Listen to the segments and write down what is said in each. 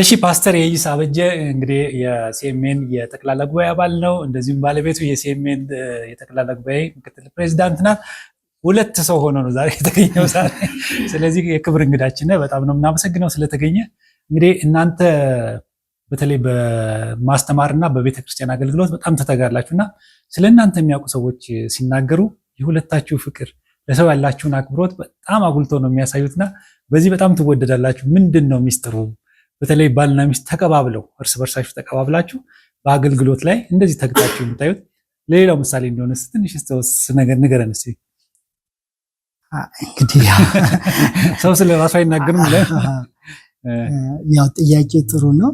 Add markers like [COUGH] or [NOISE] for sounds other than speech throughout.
እሺ ፓስተር የይስ አበጀ እንግዲህ የሲኤምኤን የጠቅላላ ጉባኤ አባል ነው። እንደዚሁም ባለቤቱ የሲኤምኤን የጠቅላላ ጉባኤ ምክትል ፕሬዚዳንት ናት። ሁለት ሰው ሆኖ ነው ዛሬ የተገኘው። ስለዚህ የክብር እንግዳችን በጣም ነው የምናመሰግነው ስለተገኘ። እንግዲህ እናንተ በተለይ በማስተማርና በቤተክርስቲያን አገልግሎት በጣም ተተጋላችሁ እና ስለ እናንተ የሚያውቁ ሰዎች ሲናገሩ የሁለታችሁ ፍቅር ለሰው ያላችሁን አክብሮት በጣም አጉልቶ ነው የሚያሳዩትና በዚህ በጣም ትወደዳላችሁ። ምንድን ነው ሚስጥሩ? በተለይ ባልና ሚስት ተቀባብለው እርስ በርሳችሁ ተቀባብላችሁ በአገልግሎት ላይ እንደዚህ ተግታችሁ የምታዩት ለሌላው ምሳሌ እንደሆነ ትንሽ ነገር ንገረን እስኪ። እንግዲህ [LAUGHS] ሰው ስለ ራሱ አይናገርም። ያው ጥያቄ ጥሩ ነው።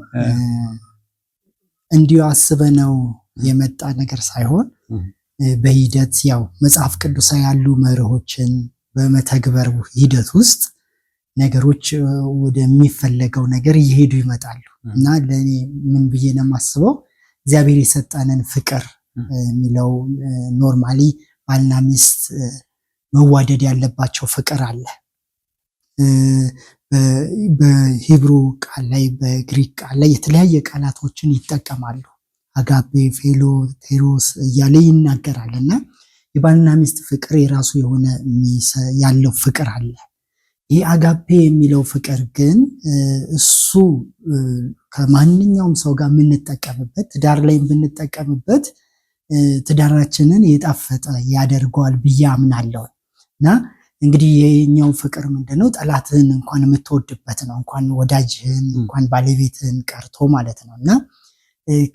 እንዲሁ አስበነው የመጣ ነገር ሳይሆን በሂደት ያው መጽሐፍ ቅዱሳ ያሉ መርሆችን በመተግበር ሂደት ውስጥ ነገሮች ወደሚፈለገው ነገር እየሄዱ ይመጣሉ እና ለእኔ ምን ብዬ ነው የማስበው እግዚአብሔር የሰጠንን ፍቅር የሚለው ኖርማሊ ባልና ሚስት መዋደድ ያለባቸው ፍቅር አለ። በሂብሩ ቃል ላይ በግሪክ ቃል ላይ የተለያየ ቃላቶችን ይጠቀማሉ። አጋቤ፣ ፌሎ ቴሮስ እያለ ይናገራል እና የባልና ሚስት ፍቅር የራሱ የሆነ ያለው ፍቅር አለ። ይህ አጋፔ የሚለው ፍቅር ግን እሱ ከማንኛውም ሰው ጋር የምንጠቀምበት ትዳር ላይ የምንጠቀምበት ትዳራችንን የጣፈጠ ያደርገዋል ብዬ አምናለሁ እና እንግዲህ የኛው ፍቅር ምንድነው? ጠላትህን እንኳን የምትወድበት ነው፣ እንኳን ወዳጅህን እንኳን ባለቤትህን ቀርቶ ማለት ነው እና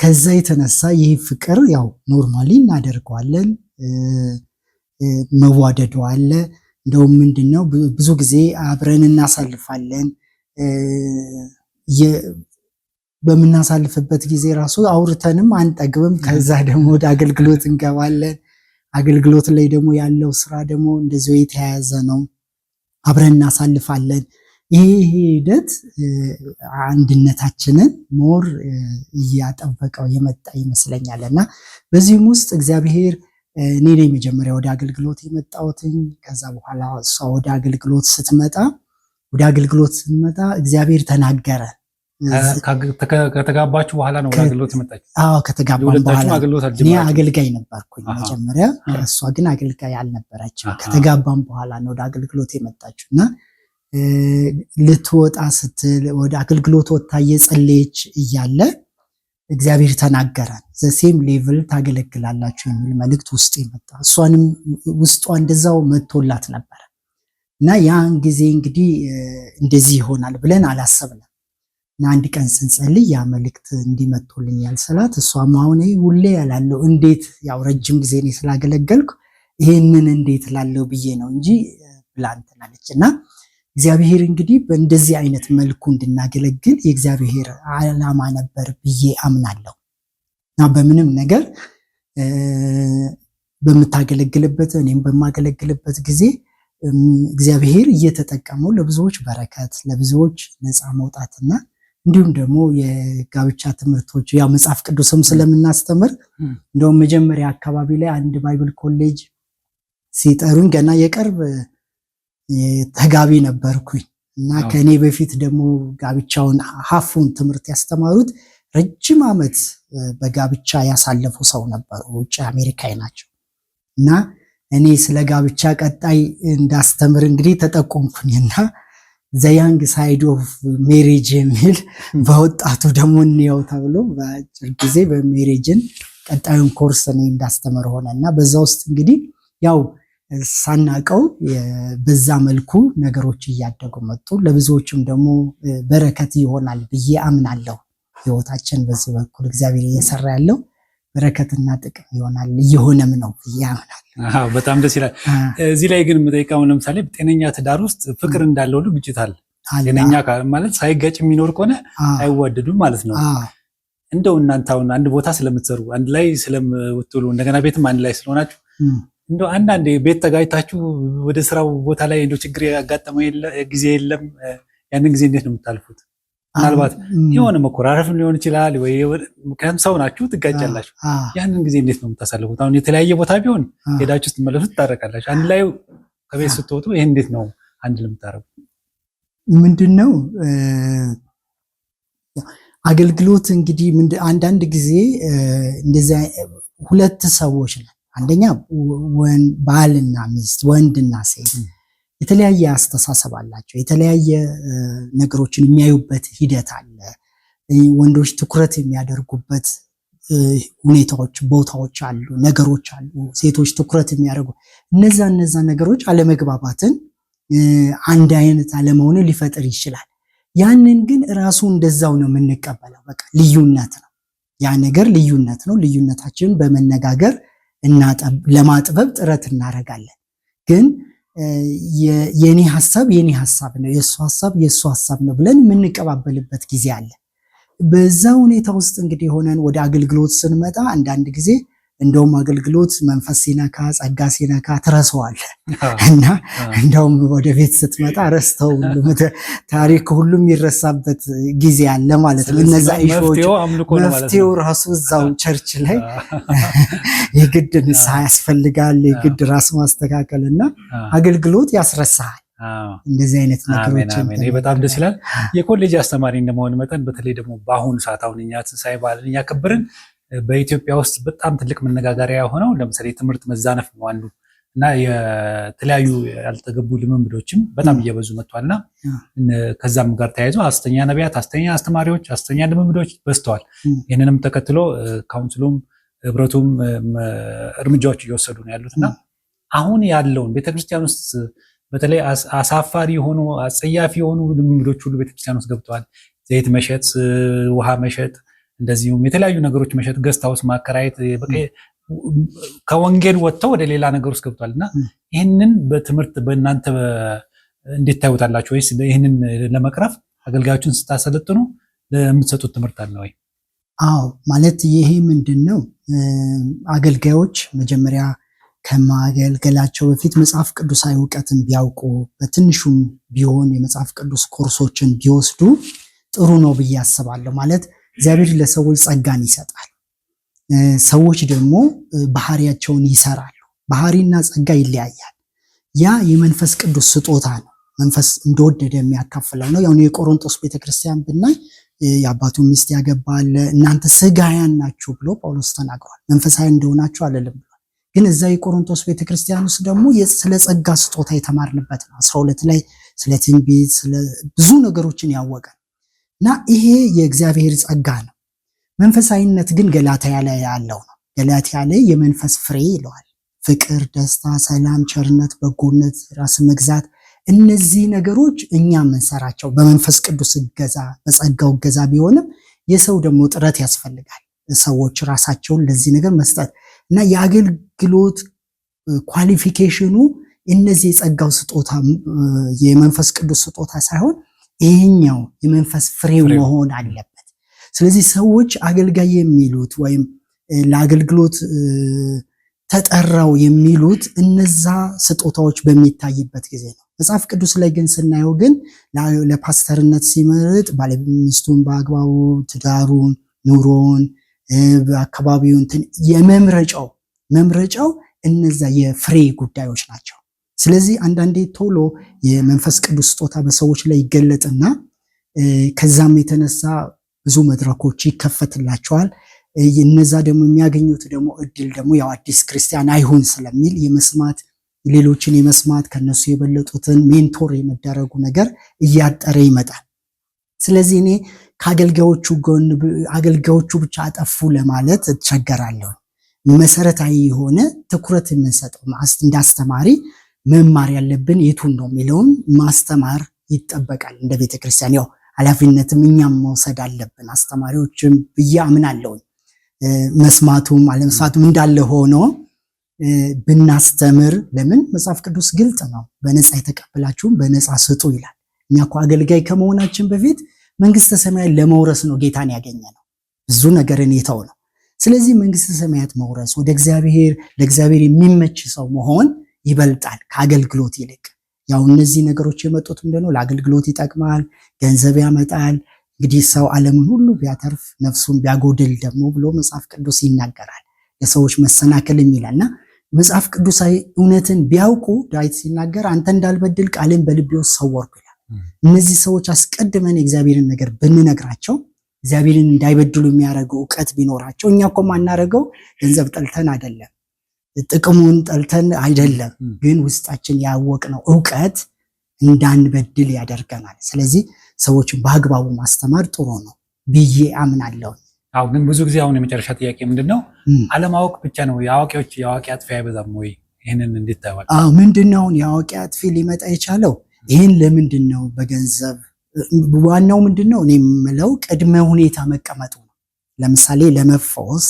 ከዛ የተነሳ ይህ ፍቅር ያው ኖርማሊ እናደርገዋለን። መዋደዱ አለ። እንደውም ምንድን ነው ብዙ ጊዜ አብረን እናሳልፋለን። በምናሳልፍበት ጊዜ ራሱ አውርተንም አንጠግብም። ከዛ ደግሞ ወደ አገልግሎት እንገባለን። አገልግሎት ላይ ደግሞ ያለው ስራ ደግሞ እንደዚ የተያያዘ ነው። አብረን እናሳልፋለን። ይሄ ሂደት አንድነታችንን ሞር እያጠበቀው የመጣ ይመስለኛል እና በዚህም ውስጥ እግዚአብሔር እኔ ነኝ መጀመሪያ ወደ አገልግሎት የመጣሁትኝ። ከዛ በኋላ እሷ ወደ አገልግሎት ስትመጣ ወደ አገልግሎት ስትመጣ እግዚአብሔር ተናገረ። ከተጋባችሁ በኋላ ነው ወደ አገልግሎት የመጣችሁ? አዎ ከተጋባን በኋላ እኔ አገልጋይ ነበርኩኝ መጀመሪያ፣ እሷ ግን አገልጋይ አልነበረችም። ከተጋባን በኋላ ነው ወደ አገልግሎት የመጣችሁ እና ልትወጣ ስትል ወደ አገልግሎት ወጥታ እየጸለየች እያለ እግዚአብሔር ተናገራል። ዘሴም ሌቭል ታገለግላላችሁ የሚል መልእክት ውስጥ የመጣ እሷንም ውስጧ እንደዛው መጥቶላት ነበረ እና ያን ጊዜ እንግዲህ እንደዚህ ይሆናል ብለን አላሰብንም። እና አንድ ቀን ስንጸልይ ያ መልእክት እንዲመጡልኛል ስላት እሷም አሁን ሁሌ ያላለው እንዴት ያው ረጅም ጊዜ ስላገለገልኩ ይሄንን እንዴት ላለው ብዬ ነው እንጂ ብላ እንትን አለች እና እግዚአብሔር እንግዲህ በእንደዚህ አይነት መልኩ እንድናገለግል የእግዚአብሔር ዓላማ ነበር ብዬ አምናለሁ እና በምንም ነገር በምታገለግልበት እኔም በማገለግልበት ጊዜ እግዚአብሔር እየተጠቀመው ለብዙዎች በረከት፣ ለብዙዎች ነፃ መውጣትና እንዲሁም ደግሞ የጋብቻ ትምህርቶች ያው መጽሐፍ ቅዱስም ስለምናስተምር እንደውም መጀመሪያ አካባቢ ላይ አንድ ባይብል ኮሌጅ ሲጠሩኝ ገና የቅርብ ተጋቢ ነበርኩኝ እና ከእኔ በፊት ደግሞ ጋብቻውን ሀፉን ትምህርት ያስተማሩት ረጅም ዓመት በጋብቻ ያሳለፉ ሰው ነበሩ። ውጭ አሜሪካዊ ናቸው እና እኔ ስለ ጋብቻ ቀጣይ እንዳስተምር እንግዲህ ተጠቆምኩኝና ዘያንግ ሳይድ ኦፍ ሜሬጅ የሚል በወጣቱ ደግሞ እንየው ተብሎ በአጭር ጊዜ በሜሬጅን ቀጣዩን ኮርስ እኔ እንዳስተምር ሆነ እና በዛ ውስጥ እንግዲህ ያው ሳናቀው በዛ መልኩ ነገሮች እያደጉ መጡ። ለብዙዎችም ደግሞ በረከት ይሆናል ብዬ አምናለሁ። ህይወታችን በዚህ በኩል እግዚአብሔር እየሰራ ያለው በረከትና ጥቅም ይሆናል እየሆነም ነው ብዬ አምናለሁ። በጣም ደስ ይላል። እዚህ ላይ ግን የምጠይቀው ለምሳሌ ጤነኛ ትዳር ውስጥ ፍቅር እንዳለው ሁሉ ግጭት አለ። ጤነኛ ማለት ሳይጋጭ የሚኖር ከሆነ አይዋደዱም ማለት ነው። እንደው እናንተ አሁን አንድ ቦታ ስለምትሰሩ አንድ ላይ ስለምትውሉ እንደገና ቤትም አንድ ላይ ስለሆናችሁ እንደ አንዳንድ ቤት ተጋጭታችሁ ወደ ስራው ቦታ ላይ እንደ ችግር ያጋጠመው ጊዜ የለም? ያንን ጊዜ እንዴት ነው የምታልፉት? ምናልባት የሆነ መኮራረፍም ሊሆን ይችላል። ምክንያቱም ሰው ናችሁ፣ ትጋጫላችሁ። ያንን ጊዜ እንዴት ነው የምታሳልፉት? አሁን የተለያየ ቦታ ቢሆን ሄዳችሁ ስትመለሱ ትታረቃላችሁ። አንድ ላይ ከቤት ስትወጡ ይህ እንዴት ነው አንድ ለምታረጉ ምንድን ነው አገልግሎት እንግዲህ አንዳንድ ጊዜ እንደዚያ ሁለት ሰዎች ነው አንደኛ ባልና ሚስት፣ ወንድና ሴት የተለያየ አስተሳሰብ አላቸው። የተለያየ ነገሮችን የሚያዩበት ሂደት አለ። ወንዶች ትኩረት የሚያደርጉበት ሁኔታዎች፣ ቦታዎች አሉ፣ ነገሮች አሉ። ሴቶች ትኩረት የሚያደርጉ እነዛ እነዛ ነገሮች አለመግባባትን፣ አንድ አይነት አለመሆንን ሊፈጥር ይችላል። ያንን ግን ራሱ እንደዛው ነው የምንቀበለው። በቃ ልዩነት ነው፣ ያ ነገር ልዩነት ነው። ልዩነታችንን በመነጋገር ለማጥበብ ጥረት እናደርጋለን። ግን የኔ ሀሳብ የኔ ሀሳብ ነው፣ የእሱ ሀሳብ የእሱ ሀሳብ ነው ብለን የምንቀባበልበት ጊዜ አለ። በዛ ሁኔታ ውስጥ እንግዲህ ሆነን ወደ አገልግሎት ስንመጣ አንዳንድ ጊዜ እንደውም አገልግሎት መንፈስ ሲነካ ጸጋ ሲነካ ትረሰዋል እና እንደውም ወደ ቤት ስትመጣ ረስተው ታሪክ ሁሉም ይረሳበት ጊዜ አለ ማለት ነው። እነዛ ኢሾዎች መፍትሄው ራሱ እዛው ቸርች ላይ [LAUGHS] የግድ ንስሐ ያስፈልጋል፣ የግድ ራስ ማስተካከል እና አገልግሎት ያስረሳል። እንደዚህ አይነት ነገሮች በጣም ደስ ይላል። የኮሌጅ አስተማሪ እንደመሆን መጠን በተለይ ደግሞ በአሁኑ ሰዓት አሁን እኛ ትንሳኤ በዓልን እያከበርን በኢትዮጵያ ውስጥ በጣም ትልቅ መነጋገሪያ የሆነው ለምሳሌ የትምህርት መዛነፍ ነው አንዱ እና የተለያዩ ያልተገቡ ልምምዶችም በጣም እየበዙ መጥቷልና ከዛም ጋር ተያይዞ አስተኛ ነቢያት፣ አስተኛ አስተማሪዎች፣ አስተኛ ልምምዶች በዝተዋል። ይህንንም ተከትሎ ካውንስሉም ህብረቱም እርምጃዎች እየወሰዱ ነው ያሉት እና አሁን ያለውን ቤተክርስቲያን ውስጥ በተለይ አሳፋሪ የሆኑ አጸያፊ የሆኑ ልምምዶች ሁሉ ቤተክርስቲያን ውስጥ ገብተዋል። ዘይት መሸጥ፣ ውሃ መሸጥ እንደዚሁም የተለያዩ ነገሮች መሸጥ፣ ገስታውስ ማከራየት ከወንጌል ወጥተው ወደ ሌላ ነገር ውስጥ ገብቷል እና ይህንን በትምህርት በእናንተ እንዴት ታዩታላችሁ? ወይስ ይህንን ለመቅረፍ አገልጋዮችን ስታሰለጥኑ ለምትሰጡት ትምህርት አለ ወይ? አዎ ማለት ይሄ ምንድን ነው? አገልጋዮች መጀመሪያ ከማገልገላቸው በፊት መጽሐፍ ቅዱሳዊ እውቀትን ቢያውቁ በትንሹም ቢሆን የመጽሐፍ ቅዱስ ኮርሶችን ቢወስዱ ጥሩ ነው ብዬ አስባለሁ። ማለት እግዚአብሔር ለሰዎች ጸጋን ይሰጣል። ሰዎች ደግሞ ባህሪያቸውን ይሰራሉ። ባህሪና ጸጋ ይለያያል። ያ የመንፈስ ቅዱስ ስጦታ ነው። መንፈስ እንደወደደ የሚያካፍለው ነው። ያሁን የቆሮንቶስ ቤተክርስቲያን ብናይ የአባቱ ሚስት ያገባል። እናንተ ስጋያን ናችሁ ብሎ ጳውሎስ ተናግሯል። መንፈሳዊ እንደሆናችሁ አለልም ብሏል። ግን እዛ የቆሮንቶስ ቤተክርስቲያን ውስጥ ደግሞ ስለ ጸጋ ስጦታ የተማርንበት ነው። አስራ ሁለት ላይ ስለ ትንቢት፣ ብዙ ነገሮችን ያወቀ እና ይሄ የእግዚአብሔር ጸጋ ነው። መንፈሳዊነት ግን ገላትያ ላይ ያለው ነው። ገላትያ ላይ የመንፈስ ፍሬ ይለዋል። ፍቅር፣ ደስታ፣ ሰላም፣ ቸርነት፣ በጎነት፣ ራስ መግዛት እነዚህ ነገሮች እኛ የምንሰራቸው በመንፈስ ቅዱስ እገዛ በጸጋው እገዛ ቢሆንም የሰው ደግሞ ጥረት ያስፈልጋል። ሰዎች ራሳቸውን ለዚህ ነገር መስጠት እና የአገልግሎት ኳሊፊኬሽኑ እነዚህ የጸጋው ስጦታ የመንፈስ ቅዱስ ስጦታ ሳይሆን ይህኛው የመንፈስ ፍሬው መሆን አለበት። ስለዚህ ሰዎች አገልጋይ የሚሉት ወይም ለአገልግሎት ተጠራው የሚሉት እነዛ ስጦታዎች በሚታይበት ጊዜ ነው። መጽሐፍ ቅዱስ ላይ ግን ስናየው ግን ለፓስተርነት ሲመርጥ ባለሚስቱን በአግባቡ ትዳሩን፣ ኑሮን፣ አካባቢውን የመምረጫው መምረጫው እነዛ የፍሬ ጉዳዮች ናቸው። ስለዚህ አንዳንዴ ቶሎ የመንፈስ ቅዱስ ስጦታ በሰዎች ላይ ይገለጥና ከዛም የተነሳ ብዙ መድረኮች ይከፈትላቸዋል። እነዛ ደግሞ የሚያገኙት ደግሞ እድል ደግሞ ያው አዲስ ክርስቲያን አይሁን ስለሚል የመስማት ሌሎችን የመስማት ከነሱ የበለጡትን ሜንቶር የመደረጉ ነገር እያጠረ ይመጣል። ስለዚህ እኔ ከአገልጋዮቹ ጎን አገልጋዮቹ ብቻ አጠፉ ለማለት እቸገራለሁ። መሰረታዊ የሆነ ትኩረት የምንሰጠው እንደ መማር ያለብን የቱን ነው የሚለውን ማስተማር ይጠበቃል። እንደ ቤተ ክርስቲያን ያው ኃላፊነትም እኛም መውሰድ አለብን አስተማሪዎችም ብዬ አምናለሁኝ። መስማቱም አለመስማቱም እንዳለ ሆኖ ብናስተምር፣ ለምን መጽሐፍ ቅዱስ ግልጥ ነው፣ በነፃ የተቀበላችሁም በነፃ ስጡ ይላል። እኛ እኮ አገልጋይ ከመሆናችን በፊት መንግስተ ሰማያት ለመውረስ ነው ጌታን ያገኘ ነው ብዙ ነገርን የተው ነው። ስለዚህ መንግስተ ሰማያት መውረስ ወደ እግዚአብሔር ለእግዚአብሔር የሚመች ሰው መሆን ይበልጣል ከአገልግሎት ይልቅ። ያው እነዚህ ነገሮች የመጡት ምንድነው? ለአገልግሎት ይጠቅማል፣ ገንዘብ ያመጣል። እንግዲህ ሰው ዓለምን ሁሉ ቢያተርፍ ነፍሱን ቢያጎድል ደግሞ ብሎ መጽሐፍ ቅዱስ ይናገራል። ለሰዎች መሰናከል እና መጽሐፍ ቅዱሳዊ እውነትን ቢያውቁ ዳዊት ሲናገር አንተ እንዳልበድል ቃልን በልቤ ውስጥ ሰወርኩ ይላል። እነዚህ ሰዎች አስቀድመን የእግዚአብሔርን ነገር ብንነግራቸው እግዚአብሔርን እንዳይበድሉ የሚያደርገው እውቀት ቢኖራቸው እኛ እኮ ማናደርገው ገንዘብ ጠልተን አይደለም ጥቅሙን ጠልተን አይደለም፣ ግን ውስጣችን ያወቅነው እውቀት እንዳንበድል ያደርገናል። ስለዚህ ሰዎችን በአግባቡ ማስተማር ጥሩ ነው ብዬ አምናለሁ። አሁ ግን ብዙ ጊዜ አሁን የመጨረሻ ጥያቄ ምንድን ነው፣ አለማወቅ ብቻ ነው የአዋቂዎች የአዋቂ አጥፊ አይበዛም ወይ? ይህንን እንዲታወቅ አዎ ምንድን ነው የአዋቂ አጥፊ ሊመጣ የቻለው? ይህን ለምንድን ነው በገንዘብ ዋናው ምንድን ነው? እኔ የምለው ቅድመ ሁኔታ መቀመጡ ነው። ለምሳሌ ለመፈወስ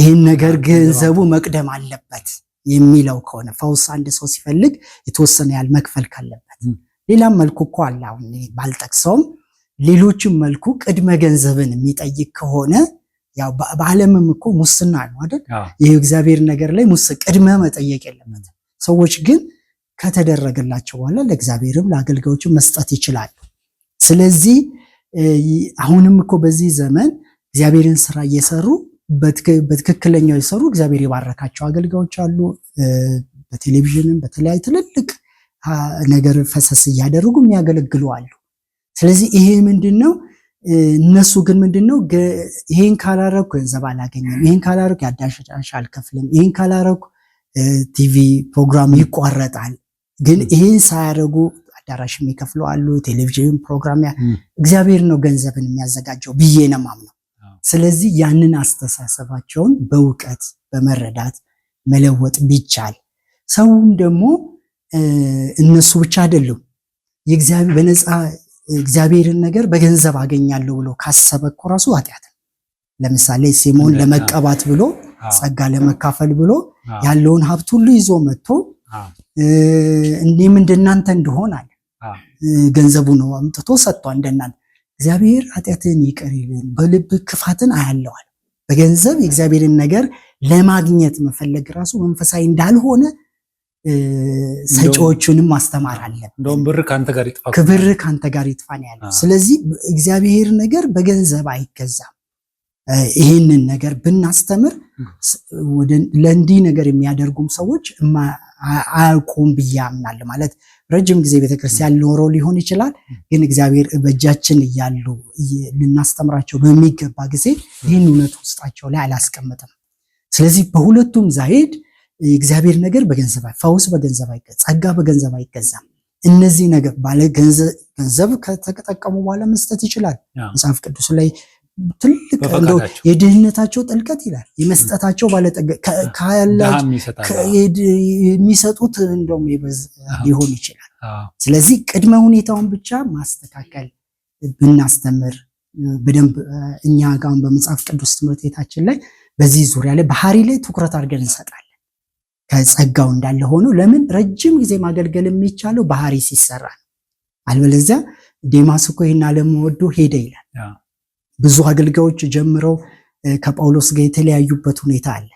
ይህን ነገር ገንዘቡ መቅደም አለበት የሚለው ከሆነ ፈውስ አንድ ሰው ሲፈልግ የተወሰነ ያህል መክፈል ካለበት፣ ሌላም መልኩ እኮ አለ። አሁን ባልጠቅሰውም ሌሎችም መልኩ ቅድመ ገንዘብን የሚጠይቅ ከሆነ ያው በዓለምም እኮ ሙስና ነው አይደል? ይህ እግዚአብሔር ነገር ላይ ሙስ ቅድመ መጠየቅ የለበት። ሰዎች ግን ከተደረገላቸው በኋላ ለእግዚአብሔርም ለአገልጋዮችም መስጠት ይችላሉ። ስለዚህ አሁንም እኮ በዚህ ዘመን እግዚአብሔርን ስራ እየሰሩ በትክክለኛው የሰሩ እግዚአብሔር የባረካቸው አገልጋዮች አሉ። በቴሌቪዥንም በተለያዩ ትልልቅ ነገር ፈሰስ እያደረጉ የሚያገለግሉ አሉ። ስለዚህ ይሄ ምንድን ነው? እነሱ ግን ምንድን ነው? ይሄን ካላረኩ ገንዘብ አላገኘም፣ ይሄን ካላረኩ ያዳሽ አልከፍልም፣ ይሄን ካላረኩ ቲቪ ፕሮግራም ይቋረጣል። ግን ይሄን ሳያደረጉ አዳራሽ የሚከፍሉ አሉ። ቴሌቪዥን ፕሮግራም እግዚአብሔር ነው ገንዘብን የሚያዘጋጀው ብዬ ነው የማምነው። ስለዚህ ያንን አስተሳሰባቸውን በእውቀት በመረዳት መለወጥ ቢቻል ሰውም ደግሞ እነሱ ብቻ አይደሉም በነፃ እግዚአብሔርን ነገር በገንዘብ አገኛለሁ ብሎ ካሰበ እኮ ራሱ ኃጢአት ለምሳሌ ሲሞን ለመቀባት ብሎ ጸጋ ለመካፈል ብሎ ያለውን ሀብት ሁሉ ይዞ መጥቶ እኔም እንደናንተ እንደሆን አለ። ገንዘቡ ነው አምጥቶ ሰጥቷ እንደናንተ እግዚአብሔር ኃጢአትን ይቅር ይልን፣ በልብ ክፋትን አያለዋል። በገንዘብ የእግዚአብሔርን ነገር ለማግኘት መፈለግ ራሱ መንፈሳዊ እንዳልሆነ ሰጪዎቹንም ማስተማር አለብን። እንደውም ብር ከአንተ ጋር ይጥፋ፣ ክብር ከአንተ ጋር ይጥፋ ያለው። ስለዚህ እግዚአብሔር ነገር በገንዘብ አይገዛም። ይህንን ነገር ብናስተምር ለእንዲህ ነገር የሚያደርጉም ሰዎች አያውቁም ብዬ አምናለሁ። ማለት ረጅም ጊዜ ቤተክርስቲያን ኖሮ ሊሆን ይችላል፣ ግን እግዚአብሔር በእጃችን እያሉ ልናስተምራቸው በሚገባ ጊዜ ይህን እውነት ውስጣቸው ላይ አላስቀምጥም። ስለዚህ በሁለቱም ዛሄድ የእግዚአብሔር ነገር በገንዘብ ፈውስ በገንዘብ አይገዛም፣ ጸጋ በገንዘብ አይገዛም። እነዚህ ነገር ባለ ገንዘብ ከተጠቀሙ በኋላ መስጠት ይችላል። መጽሐፍ ቅዱስ ላይ ትልቅ እንደው የድህነታቸው ጥልቀት ይላል የመስጠታቸው ባለጠገ የሚሰጡት እንደውም ሊሆን ይችላል። ስለዚህ ቅድመ ሁኔታውን ብቻ ማስተካከል ብናስተምር በደንብ እኛ ጋር በመጽሐፍ ቅዱስ ትምህርት ቤታችን ላይ በዚህ ዙሪያ ላይ ባህሪ ላይ ትኩረት አድርገን እንሰጣለን። ከጸጋው እንዳለ ሆኖ ለምን ረጅም ጊዜ ማገልገል የሚቻለው ባህሪ ሲሰራ ነው። አልበለዚያ ዴማስ እኮ ይህን ወዶ ሄደ ይላል። ብዙ አገልጋዮች ጀምረው ከጳውሎስ ጋር የተለያዩበት ሁኔታ አለ።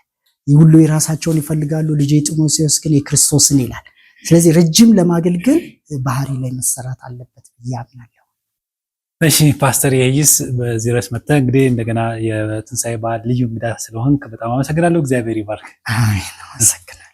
ሁሉ የራሳቸውን ይፈልጋሉ። ልጄ ጢሞቴዎስ ግን የክርስቶስን ይላል። ስለዚህ ረጅም ለማገልገል ባህሪ ላይ መሰራት አለበት ብዬ አምናለሁ። እሺ ፓስተር የይስ በዚህ ረስ መተ እንግዲህ እንደገና የትንሳኤ በዓል ልዩ እንግዳ ስለሆንክ በጣም አመሰግናለሁ። እግዚአብሔር ይባርክ። አሜን። አመሰግናለሁ።